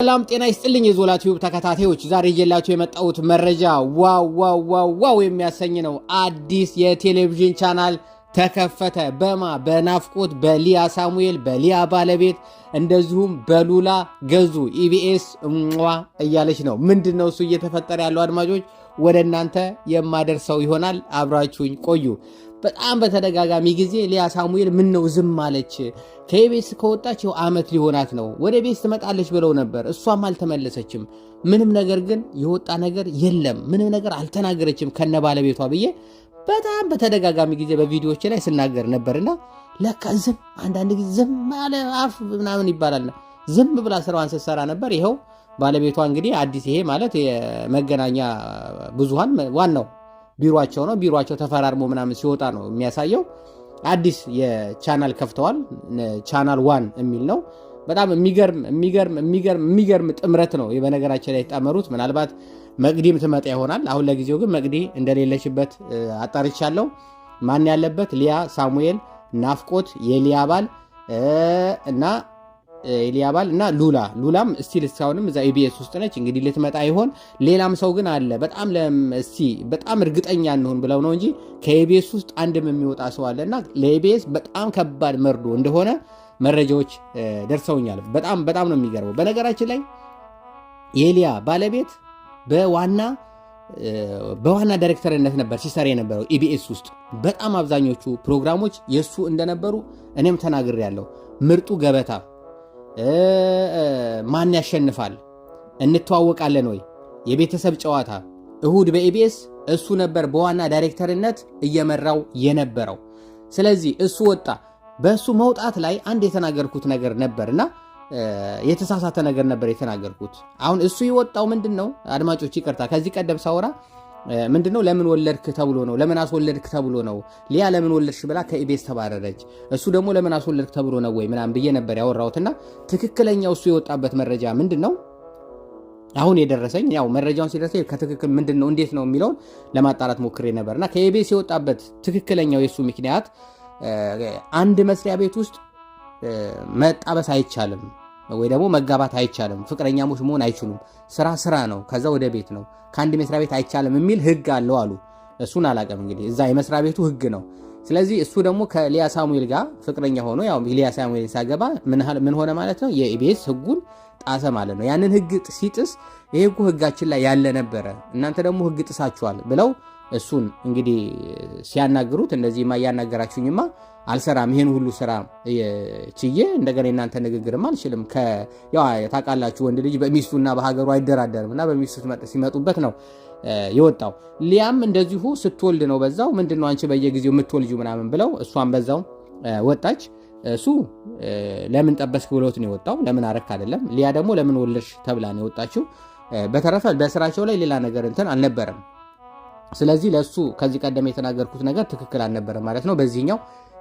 ሰላም ጤና ይስጥልኝ የዞላ ቲዩብ ተከታታዮች፣ ዛሬ እየላችሁ የመጣሁት መረጃ ዋው ዋው ዋው ዋው የሚያሰኝ ነው። አዲስ የቴሌቪዥን ቻናል ተከፈተ። በማ በናፍቆት በሊያ ሳሙኤል በሊያ ባለቤት እንደዚሁም በሉላ ገዙ ኢቢኤስ እሟ እያለች ነው። ምንድን ነው እሱ እየተፈጠረ ያለው? አድማጮች ወደ እናንተ የማደርሰው ይሆናል። አብራችሁኝ ቆዩ። በጣም በተደጋጋሚ ጊዜ ሊያ ሳሙኤል ምን ነው ዝም አለች? ከቤት ከወጣች ይኸው ዓመት ሊሆናት ነው። ወደ ቤት ትመጣለች ብለው ነበር። እሷም አልተመለሰችም። ምንም ነገር ግን የወጣ ነገር የለም። ምንም ነገር አልተናገረችም ከነ ባለቤቷ ብዬ በጣም በተደጋጋሚ ጊዜ በቪዲዮዎች ላይ ስናገር ነበርና ለካ ዝም አንዳንድ ጊዜ ዝም አለ አፍ ምናምን ይባላል። ዝም ብላ ስራዋን ስትሰራ ነበር። ይኸው ባለቤቷ እንግዲህ አዲስ ይሄ ማለት የመገናኛ ብዙሃን ዋናው ቢሮቸው ነው። ቢሮቸው ተፈራርሞ ምናምን ሲወጣ ነው የሚያሳየው። አዲስ የቻናል ከፍተዋል። ቻናል ዋን የሚል ነው። በጣም የሚገርም የሚገርም የሚገርም የሚገርም ጥምረት ነው በነገራችን ላይ የተጣመሩት። ምናልባት መቅዲም ትመጣ ይሆናል። አሁን ለጊዜው ግን መቅዲ እንደሌለችበት አጣርቻለሁ። ማን ያለበት ሊያ ሳሙኤል ናፍቆት የሊያ ባል እና ኤሊያባል እና ሉላ ሉላም ስቲል እስካሁንም እዛ ኢቢኤስ ውስጥ ነች። እንግዲህ ልትመጣ ይሆን? ሌላም ሰው ግን አለ። በጣም ለእስቲ በጣም እርግጠኛ እንሆን ብለው ነው እንጂ ከኢቢኤስ ውስጥ አንድም የሚወጣ ሰው አለ እና ለኢቢኤስ በጣም ከባድ መርዶ እንደሆነ መረጃዎች ደርሰውኛል። በጣም በጣም ነው የሚገርበው። በነገራችን ላይ የኤልያ ባለቤት በዋና በዋና ዳይሬክተርነት ነበር ሲሰራ የነበረው ኢቢኤስ ውስጥ። በጣም አብዛኞቹ ፕሮግራሞች የእሱ እንደነበሩ እኔም ተናግሬያለሁ። ምርጡ ገበታ ማን ያሸንፋል፣ እንተዋወቃለን ወይ፣ የቤተሰብ ጨዋታ እሁድ በኢቢኤስ እሱ ነበር በዋና ዳይሬክተርነት እየመራው የነበረው። ስለዚህ እሱ ወጣ። በእሱ መውጣት ላይ አንድ የተናገርኩት ነገር ነበርና የተሳሳተ ነገር ነበር የተናገርኩት። አሁን እሱ የወጣው ምንድን ነው? አድማጮች ይቅርታ፣ ከዚህ ቀደም ሳወራ ምንድነው? ለምን ወለድክ ተብሎ ነው። ለምን አስወለድክ ተብሎ ነው። ሊያ ለምን ወለድሽ ብላ ከኢቤስ ተባረረች። እሱ ደግሞ ለምን አስወለድክ ተብሎ ነው ወይ ምናምን ብዬ ነበር ያወራሁትና ትክክለኛው እሱ የወጣበት መረጃ ምንድን ነው? አሁን የደረሰኝ ያው መረጃውን ሲደርሰኝ ከትክክል ምንድን ነው እንዴት ነው የሚለውን ለማጣራት ሞክሬ እና ከኢቤስ የወጣበት ትክክለኛው የእሱ ምክንያት አንድ መስሪያ ቤት ውስጥ መጣበስ አይቻልም ወይ ደግሞ መጋባት አይቻልም፣ ፍቅረኛሞች መሆን አይችሉም፣ ስራ ስራ ነው፣ ከዛ ወደ ቤት ነው፣ ከአንድ መስሪያ ቤት አይቻልም የሚል ህግ አለው አሉ። እሱን አላቀም እንግዲህ እዛ የመስሪያ ቤቱ ህግ ነው። ስለዚህ እሱ ደግሞ ከሊያ ሳሙኤል ጋር ፍቅረኛ ሆኖ ያው ሊያ ሳሙኤል ሲያገባ ምን ሆነ ማለት ነው? የኢቢኤስ ህጉን ጣሰ ማለት ነው። ያንን ህግ ሲጥስ ይህ ህጉ ህጋችን ላይ ያለ ነበረ፣ እናንተ ደግሞ ህግ ጥሳችኋል ብለው እሱን እንግዲህ ሲያናግሩት እንደዚህማ እያናገራችሁኝማ አልሰራም። ይህን ሁሉ ስራ ችዬ እንደገና የእናንተ ንግግርም አልችልም። ታውቃላችሁ፣ ወንድ ልጅ በሚስቱና በሀገሩ አይደራደርም እና በሚስቱ ሲመጡበት ነው የወጣው። ሊያም እንደዚሁ ስትወልድ ነው በዛው ምንድነው አንቺ በየጊዜው የምትወልጁ ምናምን ብለው እሷን በዛው ወጣች። እሱ ለምን ጠበስክ ብሎት ነው የወጣው፣ ለምን አረክ አይደለም። ሊያ ደግሞ ለምን ወለድሽ ተብላ ነው የወጣችው። በተረፈ በስራቸው ላይ ሌላ ነገር እንትን አልነበረም። ስለዚህ ለእሱ ከዚህ ቀደም የተናገርኩት ነገር ትክክል አልነበረም ማለት ነው በዚህኛው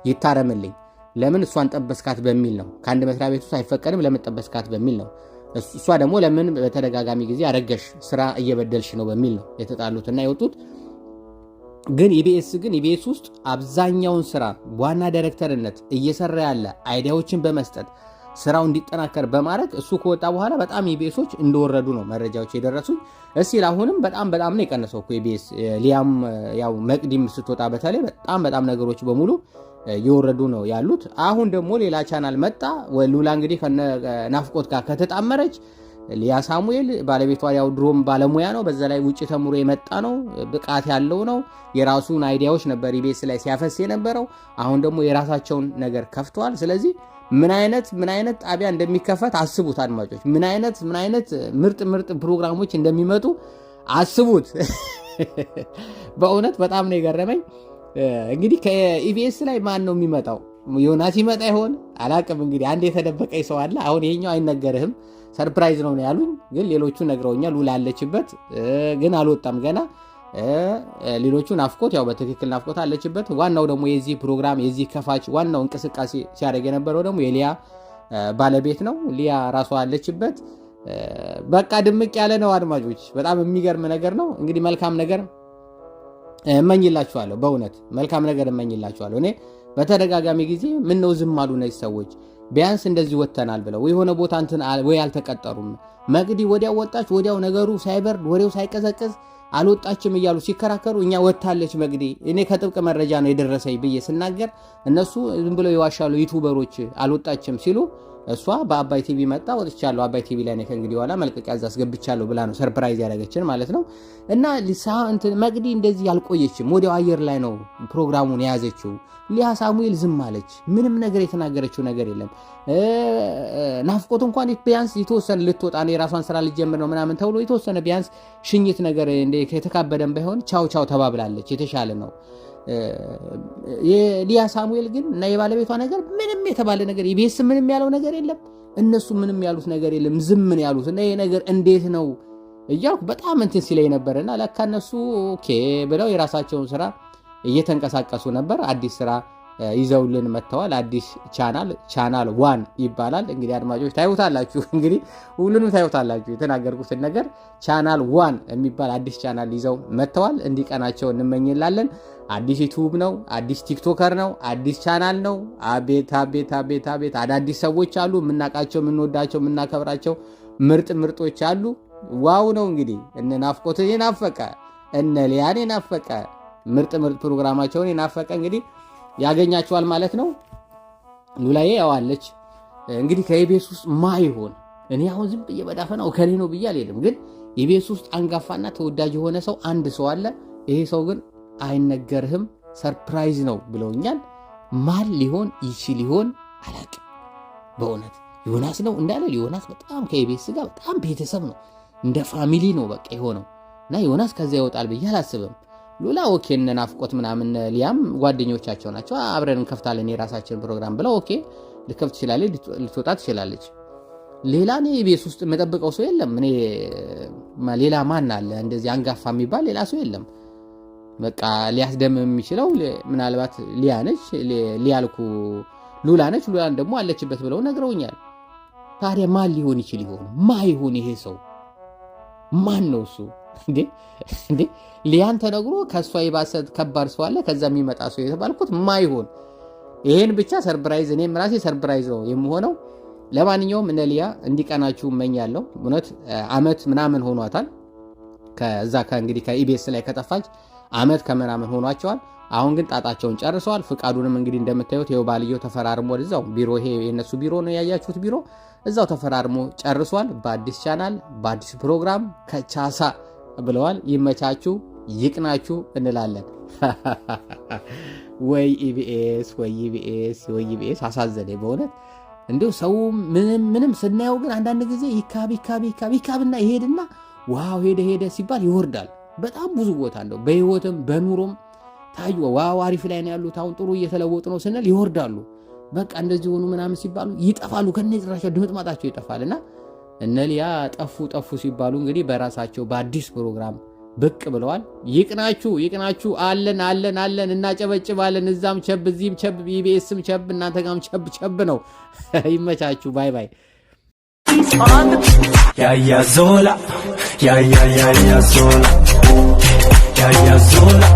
ይታረምልኝ። ለምን እሷን ጠበስካት በሚል ነው። ከአንድ መስሪያ ቤት ውስጥ አይፈቀድም። ለምን ጠበስካት በሚል ነው። እሷ ደግሞ ለምን በተደጋጋሚ ጊዜ አረገሽ፣ ስራ እየበደልሽ ነው በሚል ነው የተጣሉትና የወጡት። ግን ኢቢኤስ ግን ኢቢኤስ ውስጥ አብዛኛውን ስራ ዋና ዳይሬክተርነት እየሰራ ያለ አይዲያዎችን በመስጠት ስራው እንዲጠናከር በማድረግ እሱ ከወጣ በኋላ በጣም ኢቢኤሶች እንደወረዱ ነው መረጃዎች የደረሱኝ። እስቲል አሁንም በጣም በጣም ነው የቀነሰው ኢቢኤስ ሊያም ያው መቅዲም ስትወጣ በተለይ በጣም በጣም ነገሮች በሙሉ እየወረዱ ነው ያሉት። አሁን ደግሞ ሌላ ቻናል መጣ። ሉላ እንግዲህ ከናፍቆት ጋር ከተጣመረች ሊያ ሳሙኤል ባለቤቷ ያው ድሮም ባለሙያ ነው። በዛ ላይ ውጭ ተምሮ የመጣ ነው፣ ብቃት ያለው ነው። የራሱን አይዲያዎች ነበር ኢቢኤስ ላይ ሲያፈስ የነበረው። አሁን ደግሞ የራሳቸውን ነገር ከፍተዋል። ስለዚህ ምን አይነት ምን አይነት ጣቢያ እንደሚከፈት አስቡት አድማጮች። ምን አይነት ምን አይነት ምርጥ ምርጥ ፕሮግራሞች እንደሚመጡ አስቡት። በእውነት በጣም ነው የገረመኝ። እንግዲህ ከኢቢኤስ ላይ ማን ነው የሚመጣው? ዮናስ ይመጣ ይሆን አላቅም። እንግዲህ አንድ የተደበቀ ሰው አለ። አሁን ይሄኛው አይነገርህም ሰርፕራይዝ ነው ያሉኝ፣ ግን ሌሎቹ ነግረውኛል። ውላ አለችበት ግን አልወጣም ገና። ሌሎቹ ናፍቆት ያው በትክክል ናፍቆት አለችበት። ዋናው ደግሞ የዚህ ፕሮግራም የዚህ ከፋች ዋናው እንቅስቃሴ ሲያደርግ የነበረው ደግሞ የሊያ ባለቤት ነው። ሊያ ራሷ አለችበት። በቃ ድምቅ ያለ ነው አድማጮች፣ በጣም የሚገርም ነገር ነው። እንግዲህ መልካም ነገር እመኝላችኋለሁ። በእውነት መልካም ነገር እመኝላችኋለሁ። እኔ በተደጋጋሚ ጊዜ ምን ነው ዝም አሉ እነዚህ ሰዎች ቢያንስ እንደዚህ ወጥተናል ብለው የሆነ ቦታ እንትን ወይ አልተቀጠሩም። መቅዲ ወዲያው ወጣች፣ ወዲያው ነገሩ ሳይበርድ ወሬው ሳይቀዘቅዝ አልወጣችም እያሉ ሲከራከሩ እኛ ወጥታለች መቅዲ፣ እኔ ከጥብቅ መረጃ ነው የደረሰኝ ብዬ ስናገር እነሱ ዝም ብለው ይዋሻሉ ዩቱበሮች አልወጣችም ሲሉ እሷ በአባይ ቲቪ መጣ ወጥቻለሁ፣ አባይ ቲቪ ላይ ከእንግዲህ በኋላ መልቀቂያ እዛ አስገብቻለሁ ብላ ነው ሰርፕራይዝ ያደረገችን ማለት ነው። እና መቅዲ እንደዚህ አልቆየችም፣ ወዲያው አየር ላይ ነው ፕሮግራሙን የያዘችው። ሊያ ሳሙኤል ዝም አለች። ምንም ነገር የተናገረችው ነገር የለም። ናፍቆት እንኳን ቢያንስ የተወሰነ ልትወጣ ነው የራሷን ስራ ልጀምር ነው ምናምን ተብሎ የተወሰነ ቢያንስ ሽኝት ነገር የተካበደን ባይሆን ቻው ቻው ተባብላለች። የተሻለ ነው። የሊያ ሳሙኤል ግን እና የባለቤቷ ነገር ምንም የተባለ ነገር ኢቢኤስ ምንም ያለው ነገር የለም። እነሱ ምንም ያሉት ነገር የለም። ዝምን ያሉት እና ይሄ ነገር እንዴት ነው እያልኩ በጣም እንትን ሲለኝ ነበር። እና ለካ እነሱ ኦኬ ብለው የራሳቸውን ስራ እየተንቀሳቀሱ ነበር አዲስ ስራ ይዘውልን መጥተዋል። አዲስ ቻናል ቻናል ዋን ይባላል። እንግዲህ አድማጮች ታይታላችሁ፣ እንግዲህ ሁሉንም ታይታላችሁ። የተናገርኩትን ነገር ቻናል ዋን የሚባል አዲስ ቻናል ይዘው መጥተዋል። እንዲቀናቸው እንመኝላለን። አዲስ ዩቱብ ነው፣ አዲስ ቲክቶከር ነው፣ አዲስ ቻናል ነው። አቤት አቤት አቤት አቤት! አዳዲስ ሰዎች አሉ፣ የምናውቃቸው፣ የምንወዳቸው፣ የምናከብራቸው ምርጥ ምርጦች አሉ። ዋው ነው እንግዲህ እነ ናፍቆትን የናፈቀ እነ ሊያን የናፈቀ ምርጥ ምርጥ ፕሮግራማቸውን የናፈቀ እንግዲህ ያገኛቸዋል ማለት ነው። ሉላዬ ያዋለች እንግዲህ ከኢቤስ ውስጥ ማ ይሆን እኔ አሁን ዝም ብዬ በዳፈናው ከኔ ነው ብዬ አልሄድም። ግን ኢቤስ ውስጥ አንጋፋና ተወዳጅ የሆነ ሰው አንድ ሰው አለ። ይሄ ሰው ግን አይነገርህም፣ ሰርፕራይዝ ነው ብለውኛል። ማን ሊሆን ይቺ ሊሆን አላቅም። በእውነት ዮናስ ነው እንዳለ ዮናስ በጣም ከኢቤስ ጋር በጣም ቤተሰብ ነው፣ እንደ ፋሚሊ ነው በቃ የሆነው እና ዮናስ ከዚያ ይወጣል ብዬ አላስብም። ሉላ ኦኬ እነ ናፍቆት ምናምን ሊያም ጓደኞቻቸው ናቸው፣ አብረን እንከፍታለን የራሳችን ፕሮግራም ብለው ኦኬ ልከፍት ትችላለች፣ ልትወጣ ትችላለች። ሌላ እኔ ቤት ውስጥ የምጠብቀው ሰው የለም። እኔ ሌላ ማን አለ እንደዚህ አንጋፋ የሚባል ሌላ ሰው የለም። በቃ ሊያስደምም የሚችለው ምናልባት ሊያ ነች፣ ሊያልኩ ሉላ ነች። ሉላን ደግሞ አለችበት ብለው ነግረውኛል። ታዲያ ማን ሊሆን ይችል ይሆን? ማ ይሆን ይሄ ሰው? ማን ነው እሱ? እንዴ ሊያን ተነግሮ ከእሷ የባሰ ከባድ ሰው አለ፣ ከዛ የሚመጣ ሰው የተባልኩት ማይሆን ይሄን ብቻ ሰርፕራይዝ፣ እኔም ራሴ ሰርፕራይዝ ነው የምሆነው። ለማንኛውም እነ ሊያ እንዲቀናችሁ እመኛለሁ። እውነት አመት ምናምን ሆኗታል። ከዛ ከእንግዲህ ከኢቤስ ላይ ከጠፋች አመት ከምናምን ሆኗቸዋል። አሁን ግን ጣጣቸውን ጨርሰዋል። ፍቃዱንም እንግዲህ እንደምታዩት ይኸው ባልየው ተፈራርሞ እዛው ቢሮ ይሄ የእነሱ ቢሮ ነው ያያችሁት ቢሮ እዛው ተፈራርሞ ጨርሷል። በአዲስ ቻናል በአዲስ ፕሮግራም ከቻሳ ብለዋል። ይመቻችሁ፣ ይቅናችሁ እንላለን። ወይ ኢቢኤስ ወይ ኢቢኤስ ወይ ኢቢኤስ አሳዘነ በእውነት እንዲሁ ሰው ምንም ስናየው ግን አንዳንድ ጊዜ ይካብ ይካብ ይካብ ይካብና ይሄድና ዋው ሄደ ሄደ ሲባል ይወርዳል። በጣም ብዙ ቦታ እንደው በህይወትም በኑሮም ታዩ ዋው አሪፍ ላይ ነው ያሉት አሁን ጥሩ እየተለወጡ ነው ስንል ይወርዳሉ። በቃ እንደዚህ ሆኑ ምናምን ሲባሉ ይጠፋሉ። ከነ ጭራሻ ድምጥማጣቸው ይጠፋልና እነ ሊያ ጠፉ ጠፉ ሲባሉ እንግዲህ በራሳቸው በአዲስ ፕሮግራም ብቅ ብለዋል። ይቅናችሁ ይቅናችሁ፣ አለን አለን አለን፣ እናጨበጭባለን። እዛም ቸብ እዚህም ቸብ፣ ኢቢኤስም ቸብ፣ እናንተ ጋም ቸብ ቸብ ነው። ይመቻችሁ። ባይ ባይ። ያያዞላ ያያያያዞላ ያያዞላ